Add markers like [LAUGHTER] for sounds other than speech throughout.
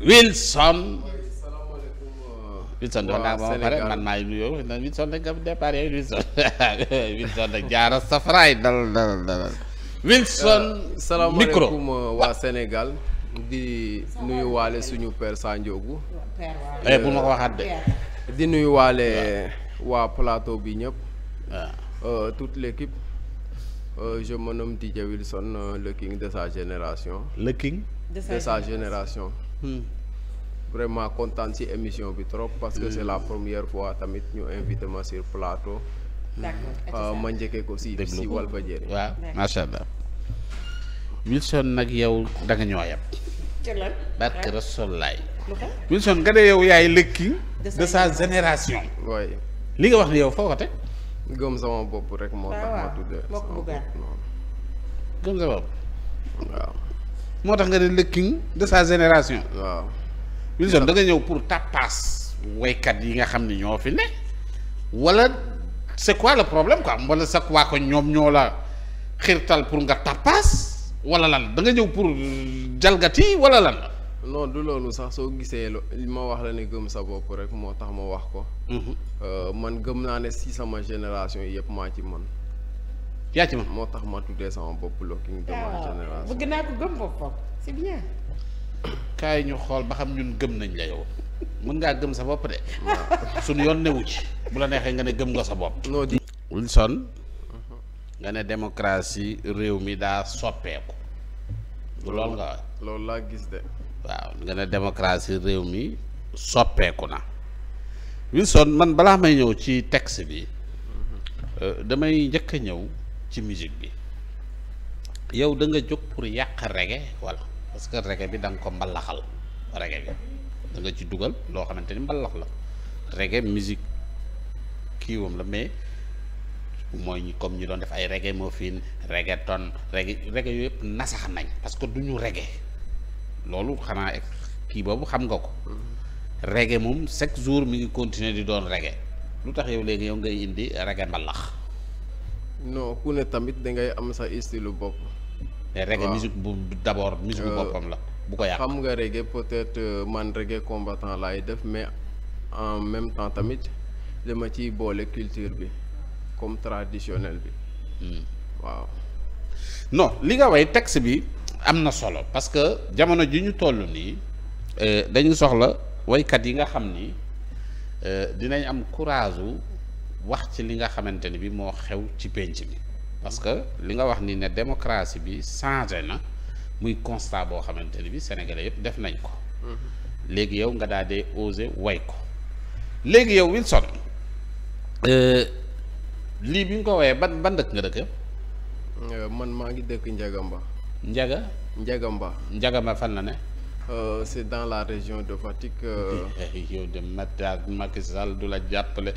Wilson. Wilson doon naa pare man maay Wilson nag am départ Wilson Wilson nag [LAUGHS] jaara safaraay dalal dalal Wilson euh, micro salaamaaleykum waa Sénégal di nuyuwaale suñu père Sanjogu. eh bu ma ko euh, waa plateau bi ñëpp. tout ah. euh, toute l'équipe je me de sa génération. le de sa génération. Hmm. vraiment kontaan ci émission bi trop parce que c'est la hmm. première fois tamit ñu invité ma sur plateau hmm. euh, ma njëkkee ko si si Walfadjri waaw macha allah Wilson nag yow da nga ñoo yab barke rasolaay Wilson nga ne yow yaay lëkki de sa génération oui li nga wax ne yow foo ko gëm sama bopp rek moo ah tax ma tuddee sama bopp noonu gëm sa bopp waaw moo tax nga ne le king de génération. waaw Wilson da ñëw pour tapas woykat yi nga xam ni ñoo fi ne wala c'est quoi le problème quoi wala sa waa ko ñoom ñoo la xirtal pour nga tapas wala lan da nga ñëw pour jalgati wala lan. non du loolu sax soo gisee li ma wax la ne gëm sa bopp rek moo tax ma wax ko. Mhm. Euh, man gëm naa ne si sama génération yëpp maa ci man yaa ci moo tax ma tuddee sama bopp looking de ma ah, génération bëgg ñu xool ba xam ñun gëm nañ la yow mën ngaa gëm sa bopp de suñu yoon newu ci bu la neexee nga ne gëm nga sa bopp Wilson mhm. nga ne démocratie réew mi daa soppeeku loolu nga wax loolu laa gis de waaw nga ne démocratie réew mi soppeeku na Wilson man balaa may ñëw ci texte bi mhm. euh, damay njëkk a ñëw ci musique bi yow da nga jóg pour yàq reggae voilà parce que reggae bi danga nga ko mbalaxal reggae bi da nga ci dugal loo xamante ni mballax la reggae musique kii wam la mais mooy ñu comme ñu doon def ay reggae morphine reggaeton reggae reggae yooyu yëpp nasax nañ parce que du ñu reggae loolu xanaa kii boobu xam nga ko reggae moom chaque jour mi ngi continuer di doon reggae lu tax yow léegi yow ngay indi reggae mbalax non ku ne tamit da ngay am sa style bopp. mais reggae musique bu d' abord bu euh, boppam la bu ko yàq. xam nga reggae peut-être euh, man reggae combattant laay def mais en même temps tamit li ma ciy boole culture bi comme traditionnel bi. Hmm. waaw. li nga way texte bi am na solo parce que jamono ji ñu toll nii euh, dañu soxla woykat yi nga xam ni dinañ am courage wax ci li nga xamante ni bi moo xew ci pénc bi parce que li nga wax ni ne démocratie bi changé na muy constat boo xamante ni bi sénégalais yëpp def nañ ko mm-hmm. léegi yow nga daal dee osé way ko léegi yow Wilson euh, lii bi nga ko woyee ban ban dëkk nga dëkk euh, man maa ngi dëkk Njagamba Njaga Njagamba Njagamba fan la ne Euh, c' dans la région de Fatick. yow euh. de Matar Macky Sall du la jàppale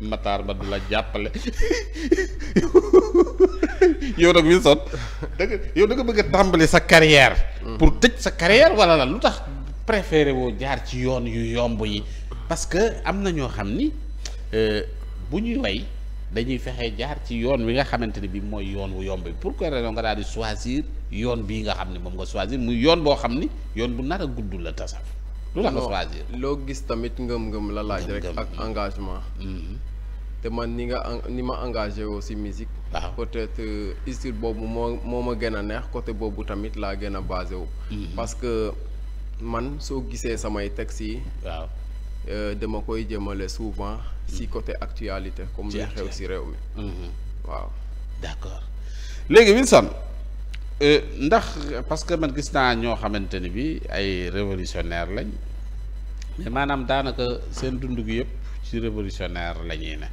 Matar ba du la jàppale yow nag Wilson da nga bëgg a tàmbali sa carrière. pour tëj sa carrière wala la lu tax préféré woo jaar ci yoon yu yomb yi parce que am na ñoo xam ni euh, bu ñuy way dañuy fexe jaar ci yoon wi nga xamante ne bi mooy yoon wu yomb bi pourquoi raison nga daal di choisir yoon bii nga xam ne moom nga choisir muy yoon boo xam ni yoon bu nar a gudd la tasaf lu tax nga choisir loo gis tamit ngëm-ngëm la laaj rek ak engagement mm-hmm. te man ni nga ni ma engagé woo si musique waaw euh, boobu moo moo ma gën a neex côté boobu tamit laa gën a basé wu mm-hmm. que man soo gisee samay textes yi waaw Euh, dama koy jëmale souvent si côté actualité comme li xew si réew mi mhm. waaw d'accord léegi Wilson euh, ndax parce que man gis naa ñoo xamante ni bi ay révolutionnaire lañ mais maanaam daanaka seen dundu gi yëpp ci révolutionnaire la ñuy ne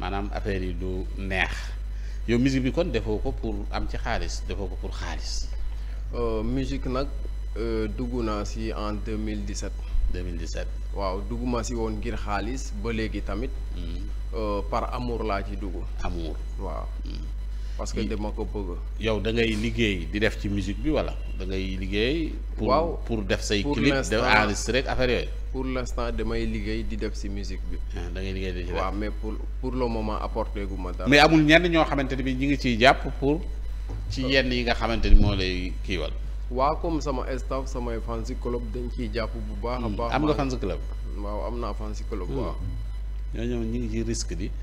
maanaam affaire yi du neex yow musique bi kon defoo ko pour am ci xaalis defoo ko pour xaalis euh, musique nag dugg naa si en 2017 2017 waaw dugguma si woon ngir xaalis ba léegi tamit. Hmm. Euh, par amour laa ci dugg. amour waaw. Hmm. parce que dama ko bëgg. yow da ngay liggéey di def ci musique bi wala da ngay liggéey. pour def say. clip de enregistré rek affaire yooyu. pour l' instant damay liggéey di def si musique bi. Ah, da ngay liggéey di ci waaw mais pour pour le moment apporté gu ma mais amul ñenn ñoo xamante ne bi ñu ngi ciy jàpp pour. ci euh. yenn yi nga xamante ni moo lay kiiwal. waa comme sama staff samay fancy club dañ ciy jàpp bu baax a hmm. baax. am nga fancy club. waaw am naa fancy club. waaw hmm. ñoo ñoom ñu ngi ci risque di. [LAUGHS]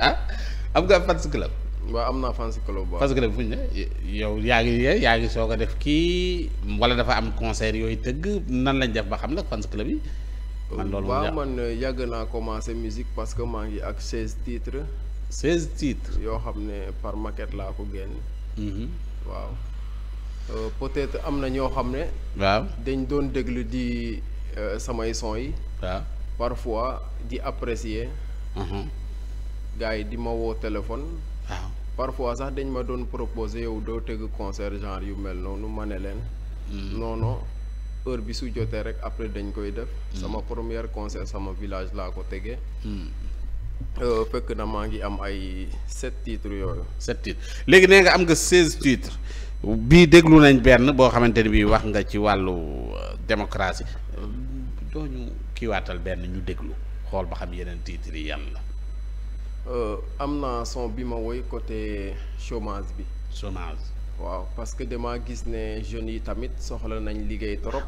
ah am nga fancy club. waaw am naa fancy club waaw. fancy club fu ñu ne yow yaa ngi yaa ngi soog a def kii wala dafa am concert yooyu tëgg nan lañ def ba xam nag fancy club yi. man loolu waaw man yàgg naa commencé musique parce que maa ngi ak seize titres. seize titres yoo xam ne par maquette laa ko génn mhm. waaw euh, peut-être am na ñoo xam ne waaw dañ doon déglu di euh, samay son yi waaw parfois di apprécier mhm. gars yi di ma woo téléphone parfois sax dañ ma doon proposé yow doo tëgg concert genre yu mel noonu ma ne leen mhm. noonu non heure bi su jotee rek après dañ koy def sama première concert sama village laa ko tegee Euh, fekk na maa ngi am ay sept titres yooyu. sept titres léegi nee nga am nga seize titres bii déglu nañ benn boo xamante ni bii wax nga ci wàllu euh, démocratie euh, doo ñu kiiwaatal benn ñu déglu xool ba xam yeneen titres yi yan la. am na son bi ma woy côté chômage bi. chômage. waaw parce que damaa gis ne jeunes yi tamit soxla nañ liggéey trop.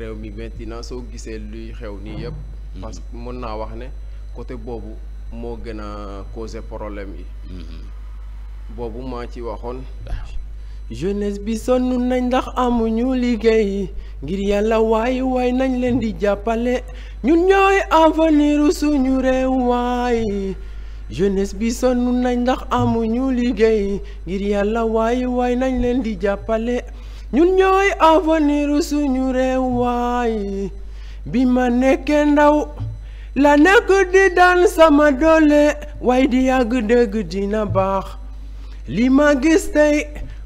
réew mi maintenant soo gisee luy xew nii yëpp. Mm-hmm. parce mën naa wax ne. côté boobu moo gën a causer problème yi. Mm-hmm. boobu maa ci waxoon. jeunesse bi sonn nañ ndax amuñu liggéey ngir yàlla waay waay nañ leen di jàppale ñun ñooy avenir suñu réew waay jeunesse bi sonn nañ ndax amuñu liggéey ngir yàlla waay waay nañ leen di jàppale ñun ñooy avenir suñu réew waay bi ma nekkee ndaw. la nekk di daan sama doole waaye di yàgg dëgg dina baax li ma gis tey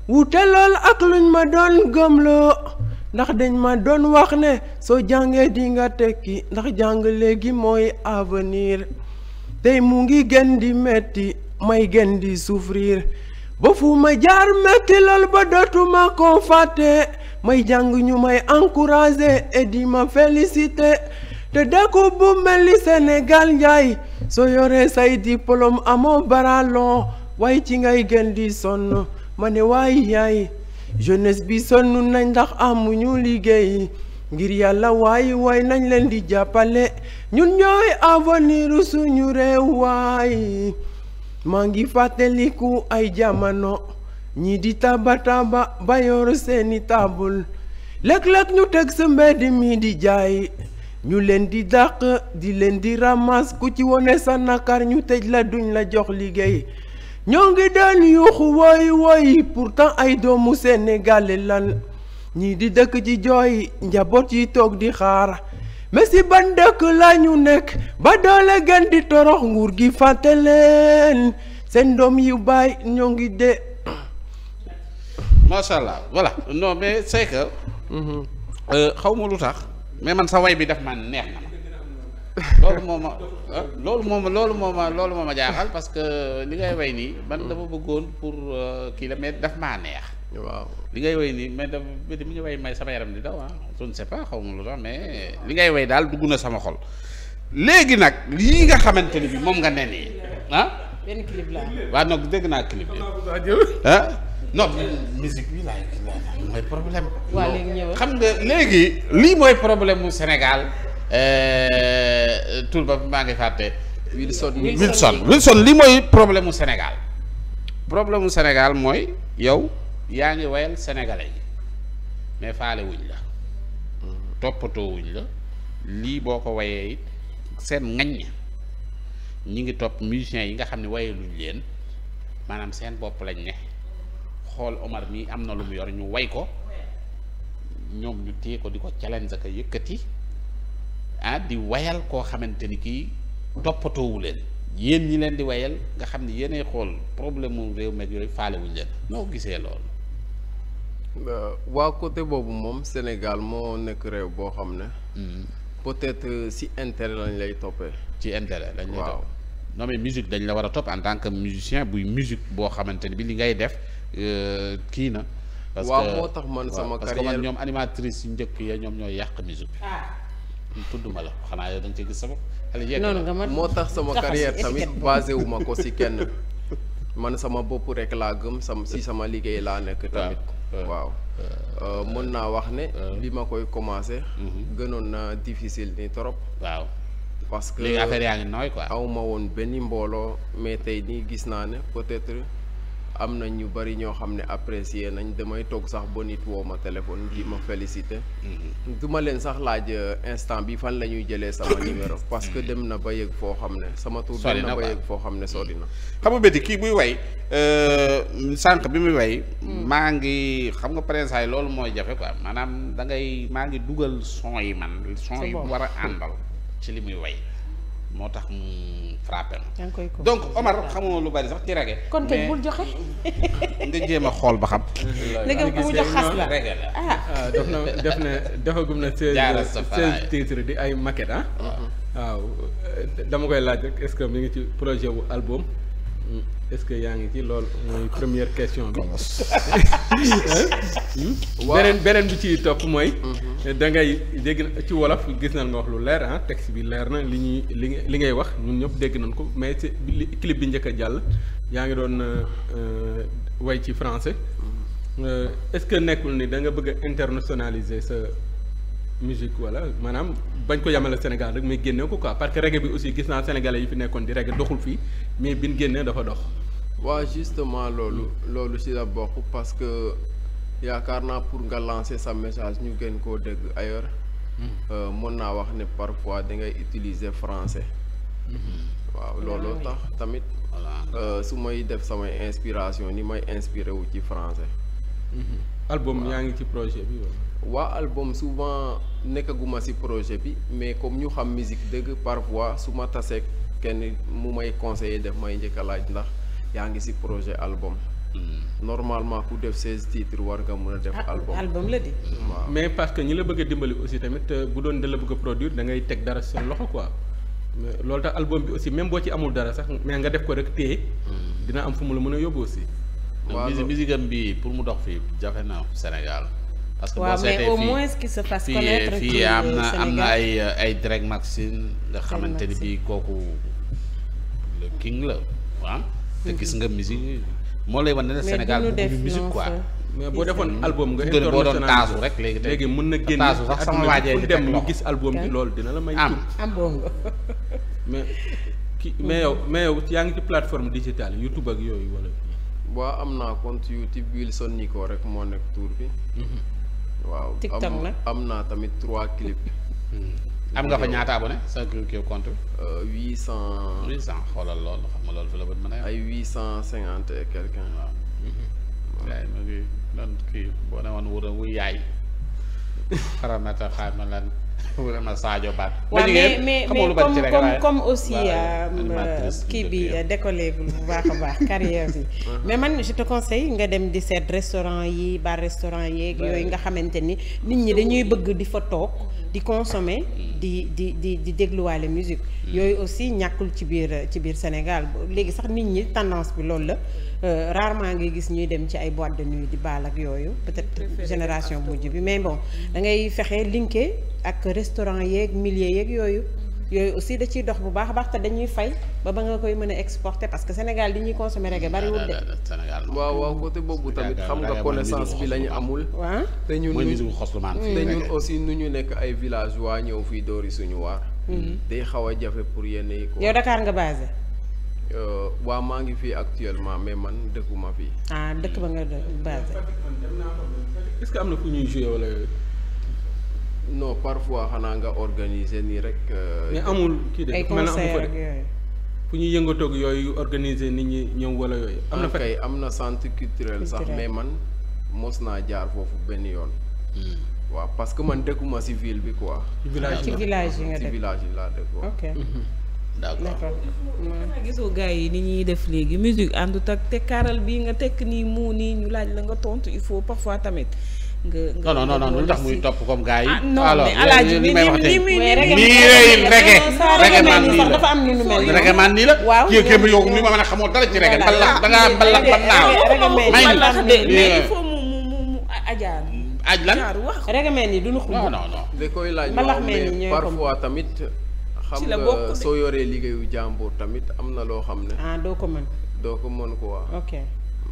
wute lool ak luñ ma doon gëmloo ndax dañ ma doon wax ne soo jàngee di nga tekki ndax jàng léegi mooy avenir tey mu ngi gën di metti may gën di souffrir ba fu ma jaar metti lool ba dootuma ko fàtte may jàng ñu may encourager et di ma féliciter te dëkku bu mel ni Sénégal njaay soo yoree say diplôme amoo baralon waaye ci ngay gën di sonn ma ne waay yaay jeunesse bi sonn nañ ndax amuñu liggéey ngir yàlla waay waay nañ leen di jàppale ñun ñooy avenir suñu réew waay maa ngi fàttaliku ay jamono ñii di taba taba ba yor seeni taabul léeg-léeg ñu teg sa mbedd mi di jaay ñu leen di dàq di leen di ramas ku ci wone sa nakar ñu tëj la duñ la jox liggéey ñoo ngi daan yuuxu woy woy pourtant ay doomu Sénégal la ñii di dëkk ci jooy njaboot yi toog di xaar mais si ban dëkk la nekk ba doole gën di torox nguur gi fàtte leen seen doom yu bàyyi ñoo ngi dee. macha allah voilà non mais c'est que. Mm-hmm. Euh, xaw ma lu tax. mais man sa way bi daf man neex na ma loolu moo ma ah, loolu moom ma loolu moo ma loolu moo jaaxal parce que li ngay way nii man dama bëggoon pour euh, kii la mais daf maa neex. li ngay way nii mais dafa mi ngi way may sama yaram di daw ah je ne xaw ma lu tax mais li ngay way daal dugg na sama xol léegi nag lii nga xamante ni bi moom nga ne nii ah. benn clip dégg naa clip bi non musique bi laay mooy problème. waaw léegi ñëw xam nga léegi lii mooy problème mu Sénégal euh, tur ba maa ngi fàtte. Wilson Wilson Wilson lii mooy problème mu Sénégal. problème mu Sénégal mooy yow yaa ngi woyal sénégalais yi mais faale wuñ la toppatoo wuñ la lii boo ko woyee seen ŋaññ ñi ngi topp musiciens yi nga xam ni wayaluñ leen maanaam seen bopp lañ ne. xool Omar mii am na lu mu yor ñu way ko ñoom ñu téye ko di ko challenge ak yëkkati ah di wayal koo xamante ni kii toppatoowu leen yéen ñi leen di wayal nga xam ne yéenay xool problème mu réew meeg yooyu faalewuñ leen noo gisee loolu waa côté boobu moom Sénégal moo nekk réew boo xam ne hmm. peut-être si intérêt lañ lay toppee ci intere lañ lay toppee non mais musique dañ la war a topp en tant que musicien buy musique boo xamante ne bi li ngay def Euh, kii na. parce que waaw moo tax man sama carrière ñoom animatrice yu njëkk ya ñoom ñooy yàq musique bi. Ah. la xanaa yow da gis sama. noonu nga moo tax sama carrière tamit basé wu ma ko si kenn. man sama bopp rek laa gëm sam si sama liggéey laa nekk tamit. waaw euh, mën naa wax ne. Euh. bi ma koy commencé. Mhm. gënoon na difficile ni trop. waaw parce que léegi affaire aw ma woon benn mbooloo mais tey nii gis naa ne peut-être. am na ñu bari ñoo xam ne apprécier nañ damay toog sax ba nit woo ma téléphone di ma féliciter. Mhm. du leen sax laaj euh, instant bi fan la ñuy jëlee sama [COUGHS] numéro. parce que mhm. dem na ba yëg foo xam ne sama tur. dem na ba yëg foo xam ne sori na. Mhm. xam nga béti kii buy way euh, sànq bi muy way. Mm. maa ngi xam nga présent loolu mooy jafe quoi maanaam da ngay maa ngi dugal son yi man. son yi war a àndal ci li muy way. moo tax mu frappé ma donc Omar xamoo lu bari sax ci reggae kon kay bul joxe [LAUGHS] nga jéem a xool ba xam léegi bu mu jox xas la ah. ah def na def na defagum na seize seize titres di ay maquette ah uh-huh. waaw euh, dama koy laaj rek est-ce que mi ngi ci projet wu album est-ce que yaa ngi ci loolu mooy première question bi. [LAUGHS] beneen beneen bi ci topp mooy. Mm-hmm. dangay ngay dégg ci wolof gis nañ nga wax lu leer ah texte bi leer na li ñuy li nga li ngay wax ñun ñëpp dégg nañ ko mais ci li clip bi njëkk jàll yaa ngi doon euh, euh, way ci français. Mm-hmm. Euh, est-ce que nekkul ni da nga bëgg a internationaliser sa musique wala maanaam. bañ ko yamale Sénégal rek mais génne ko quoi parce que reggae bi aussi gis naa sénégalais yi fi nekkoon di reggae doxul fii mais bin génnee dafa dox. waaw justement loolu. loolu ci la bokk parce que yaakaar naa pour nga lancer sa message ñu gën koo dégg ailleurs. Hmm. Euh, mën naa wax ne parfois da ngay utiliser français. Hmm. waaw loolu tax tamit. Euh, su may def samay inspiration ni may inspiré wu ci français. Mm-hmm. album yaa ngi ci projet bi waa album souvent nekkaguma si projet bi mais comme ñu xam musique dëgg parfois su ma taseeg kenn mu may conseiller def may njëkk laaj ndax yaa ngi ci projet album mm. normalement ku def seize titres war nga mën a def ah, album album la di mm. mais parce que ñi la bëgg a dimbali aussi tamit euh, bu doon da la bëgg a produire da ngay teg dara seen loxo quoi loolu tax album bi aussi même boo ci amul dara sax mais nga def ko rek téye mm. dina am fu mu la mën a yóbbu aussi waaw musique musique am bi pour mu dox fii jafe na Sénégal. parce que boo seetee fii mais au fii am na am na ay ay Drake Maxine nga xamante ni bii kooku le king la waaw. te gis nga musique moo lay wan ne Sénégal bu musique quoi. mais boo defoon album nga international boo doon taasu rek léegi léegi mën na génn taasu sax sama waajee di dem ñu gis album bi loolu dina la may am am ah, bongo mais ki mais yow mais yow yaa ngi ci plateforme digitale YouTube ak yooyu wala waa am na compte YouTube Wilson Nico rek moo nekk tour bi. Mm-hmm. waaw TikTok na am na tamit trois clip. Mm-hmm. am nga fa ñaata abonné sa kii compte. Euh, huit cent. huit cent xoolal loolu xam nga loolu fi la bët mën a ay huit cent cinquante et quelqu'un. waaw. Mm-hmm. yaay ma ngi lan kii boo ne woon [LAUGHS] ma lan. vraiment Sadio Ba. mais mais mais comme comme aussi euh, euh, kii bi décollé bu baax a baax [LAUGHS] carrière bi. mais man je te conseille nga dem di seet restaurant yi bar restaurant yeeg yooyu nga xamante ni nit ñi dañuy bëgg di fa toog di consommer di di di di dégluwaale musique. Hmm. yooyu aussi ñàkkul ci biir ci biir Sénégal léegi sax nit ñi tendance bi loolu la euh, rarement ngay gis ñuy dem ci ay boîte de nuit di baal yooyu peut-être génération mujj bi mais bon da fexe linké. ak restaurant yeeg milliers yeeg yooyu yooyu aussi da ciy dox bu baax baax te dañuy fay ba ba nga koy mën a exporter parce que Sénégal di ñuy consommer reggae bariwul de. waaw waaw côté boobu tamit xam nga connaissance fii la ñu amul. waaw te ñun te ñun aussi nu ñu nekk ay villageois ñëw fii doori suñu waar. Mm-hmm. day xaw a jafe pour yenn yi ko yow Dakar nga basé. Euh, waaw maa ngi fii actuellement mais man dëkkuma fii. ah dëkk ba nga basé. que am na fu non parfois xanaa nga organiser nii rek. ne euh, amul kii de dafa mel ne amu fa de fu ñuy yëngatoog yooyu organiser ni ñi ñëw wala yooyu. am na ah, kay am na centre culturel sax mais man mos naa jaar foofu benn yoon. Hmm. waaw parce que man dëkkuma ci ville bi quoi. village ci village yi nga dëkk ci village yi laa dëkk hmm. gisoo gars yi ni ñuy def léegi musique àndut ak te kaaral bii nga tekk nii muu nii ñu laaj la nga tontu il faut parfois tamit. nga non non non lu tax muy topp comme gars yi. Ah, alors li may wax tey nii rege rege man nii la rege man nii la. waaw kii kéem yow mi ma mën a xamoo dara ci rege. balax da balax ban naaw. may nii mais aj lan regameen yi du ñu xumb. non non non koy laaj mais parfois tamit. xam nga soo yoree liggéeyu jàmbur tamit am na loo xam ne. Ah, doo ko mën. doo ko mën quoi. ok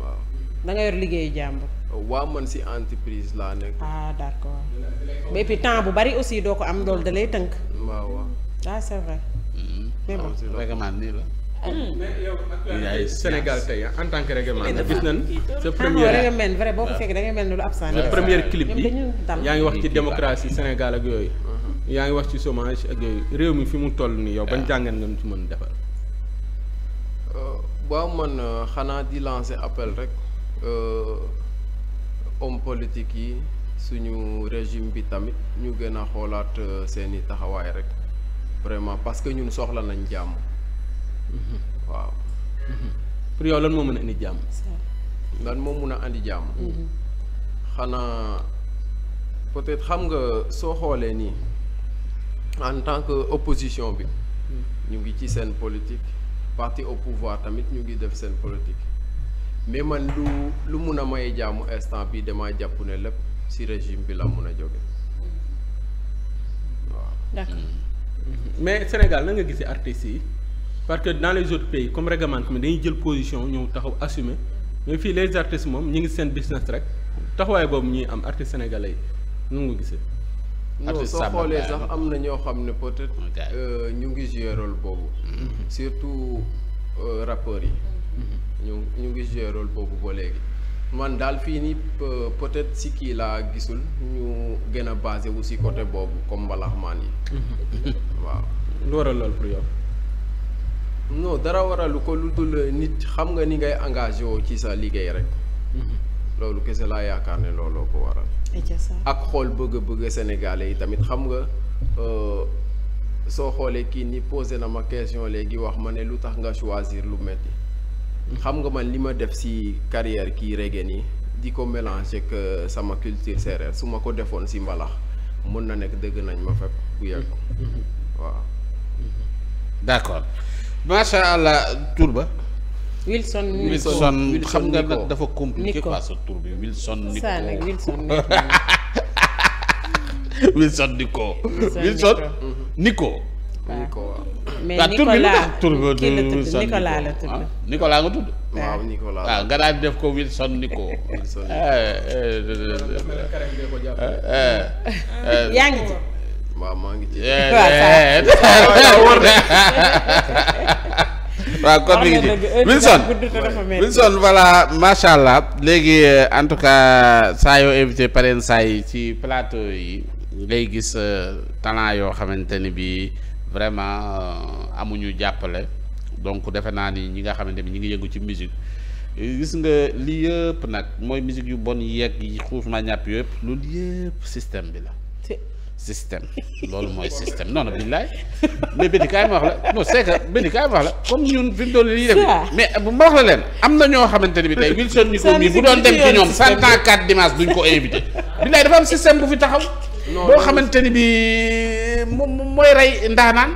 waaw. da nga yor liggéeyu jàmbur. waa man si entreprise laa nekk. ah d' accord mais puis temps bu bari aussi doo ko am loolu da lay tënk. waaw waaw. ah c' mm-hmm. ah, la. Hmm. mais Sénégal tey en tant que gis nañ ah, sa première règlement vrai boo ko fekkee da ngay ni première clip bi yaa ngi wax ci démocratie Sénégal ak yooyu. Uh-huh. yaa ngi wax ci chômage ak réew mi fi mu toll nii yow ban jàngat nga ci mën defar. Euh, waaw man euh, xanaa di lancer appel rek. Euh, homme politique yi suñu régime bi tamit ñu gën a xoolaat euh, seeni taxawaay rek vraiment parce que ñun soxla nañ jàmm. Mm-hmm. waaw. Mm-hmm. pour yow lan moo mën a indi jàmm. lan moo mën a indi jàmm. Mm-hmm. xanaa peut-être xam nga soo xoolee nii en tant que opposition bi. Mm. ñu ngi ci seen politique parti au pouvoir tamit ñu ngi def seen politique. mais man lu lu mun a may jaamu instant bi damaa jàpp ne lépp ci régime bi la mun a joge waaw. d'accord mm-hmm. mais Sénégal na nga gisee artistes yi parce que dans les autres pays comme réglementation dañuy jël position ñëw taxaw assumer mais fii les artistes moom ñu ngi seen business rek taxawaay boobu ñuy am artistes sénégalais yi nu nga gisee. non soo xoolee sax am na ñoo xam ne peut-être euh, ñu ngi jouer rôle boobu. Mm-hmm. surtout euh, rappeurs yi. Mm-hmm. ñu ñu ngi joué rôle boobu ba léegi man daal fii nii peut-être si kii laa gisul ñu gën a basé wu si côté boobu comme mbalaxmaan yi [LAUGHS] waaw lu waral lool pour yow dara waralu ko lu dul eh, nit xam nga ni ngay engagé woo ci sa liggéey rek mhm. loolu kese laa yaakaar ne looloo ko waral ak xool bëgg-bëgg sénégalais yi tamit xam nga euh, soo xoolee kii ni posé na ma question léegi wax ma ne lu tax nga choisir lu metti xam nga man li ma def si carrière kii reggae nii di ko mélanger euh, sama culture séeréer su ma ko defoon si mbalax mën na nekk dégg nañ ma fekk bu yàgg mm-hmm. waaw mm-hmm. d'accord macha allah tur ba Wilson Wilson xam nga nag dafa compliqué quoi sa tur bi Wilson Nico Wilson Nico [LAUGHS] mais Nicolas tur bi ah, ah, Wilson ngi ci. Wilson Wilson voilà macha allah léegi eh, en tout cas saa yoo invité pareen saa yi ci plateau yi ngay gis eh, talent yoo xamante ni bii. vraiment euh, amuñu jàppale donc defe naa ni ñi nga xamante ni ñi ngi yëngu ci musique gis nga lii yëpp nag mooy musique yu bon yeeg yi xuuf ma ñàpp yëpp loolu yëpp système bi la. système [LAUGHS] loolu mooy système non non billaay mais Béni kaay ma wax la non c'est kaay ma euh, na ñoo xamante ni bi tey Wilson Nico mi bu doon dem ci ñoom cent ans quatre dimanche duñ ko invité billaay dafa am système bu fi taxaw. boo xamante ni bi. moom mooy rey ndaanaan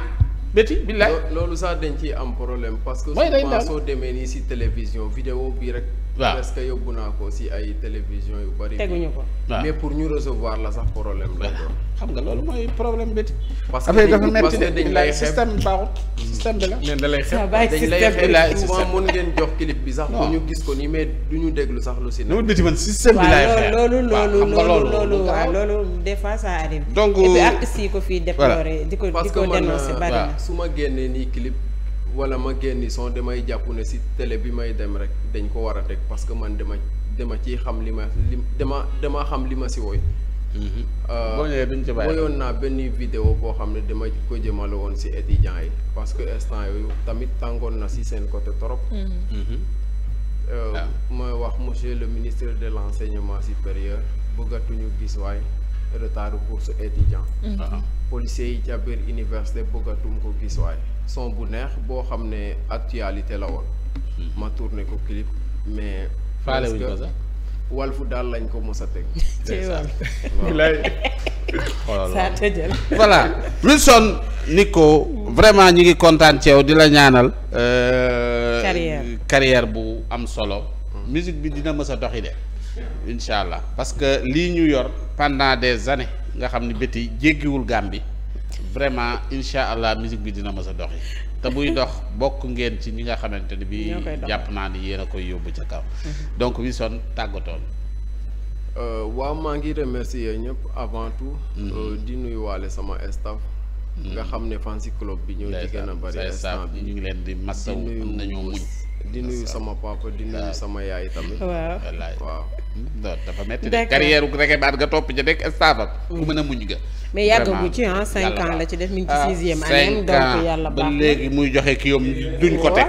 béti billaay loolu sax dañ ci am problème parce que mooy rey ndaanaan soo demee nii si télévision vidéo bi rek waaw parce que yóbbu naa ko si ay télévision yu bari. teguñu ko mais pour ñu recevoir la sax problème la. xam nga loolu mooy problème bi. parce que dafa metti dañ lay système bi baaxul. Mm. système bi la mais bi sax. pour ko nii mais du ñu déglu sax lu si ne. nu man système bi lay xeeb loolu des fois ça arrive. donc et puis ko fii déplorer. di ko di ko su ma génnee nii clip. wala ma génn son damay jàppu ne si télé bi may dem rek dañ ko war a teg parce que man dama dama ciy xam li ma li dama dama xam li ma si woy mhm. euh, boo ñëwee duñ ci naa benn vidéo boo xam ne dama ko jëmale woon si étudiants yi parce que instant yooyu tamit tàngoon na si seen côté trop. Mhm. Mhm. Euh, ah. ma wax monsieur le ministre de l' enseignement supérieur bëggatuñu gis waay retard pour su étudiant ah. policiers yi ca biir université bëggatum ko gis waay. son bu neex boo xam ne actualité la woon. Hmm. ma tourné ko clip mais. faale wuñ ko lañ ko mos a teg. [LAUGHS] [LAUGHS] Oh voilà Wilson Nico vraiment ñu ngi kontaan ci yow di ñaanal. Euh, carrière carrière bu am solo. Hmm. musique bi dina mës a doxi de. incha allah parce que lii ñu yor pendant des années nga xam ni béti jéggiwul bi vraiment incha allah musique bi dina mës a doxi te buy dox bokk ngeen ci ñi nga xamante ni bi jàpp naa ni yéen a koy yóbbu ca kaw mm-hmm. donc Wilson tàggatoon euh, waaw maa ngi remercier ñëpp avant tout mm-hmm. euh, di nuyu waale sama staff mm-hmm. nga xam ne fan si club bi ñoo ci gën a bari bi ñu ngi leen di massaw nañoo muñ di nuyu sama papa di nuyu sama yaay tamit waaw Hmm? dafa métti de carrière gu rek baat nga topp ja rek staffam. ku mën a muñ nga. mais yàggagu ci ah cinq ans la ci def mi ngi ci ah, sixième année ba léegi muy joxe kii yom duñ ko teg.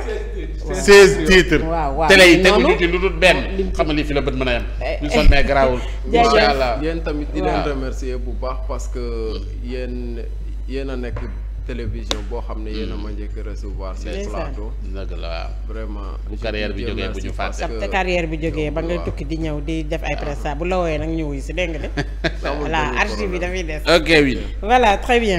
seize titres. waaw waaw yi teguñu lu dul benn. xam nga li fi la bët mën a yem. ñu eh. sonnee garaawul. [LAUGHS] jaajëf incha allah yéen tamit di leen remercier bu baax parce que hmm. yéen yéen a nekk. télévision boo xam ne yéen a ma njëkk recevoir seen plateau dëgg la waaw vraiment bi jógee bu ñu fàtte sa carrière bi jógee ba nga tukki di ñëw di def ay presta [LAUGHS] bu la wooyee nag ñu wuy si dégg de [LAUGHS] voilà archive bi dafay des ok oui voilà très bien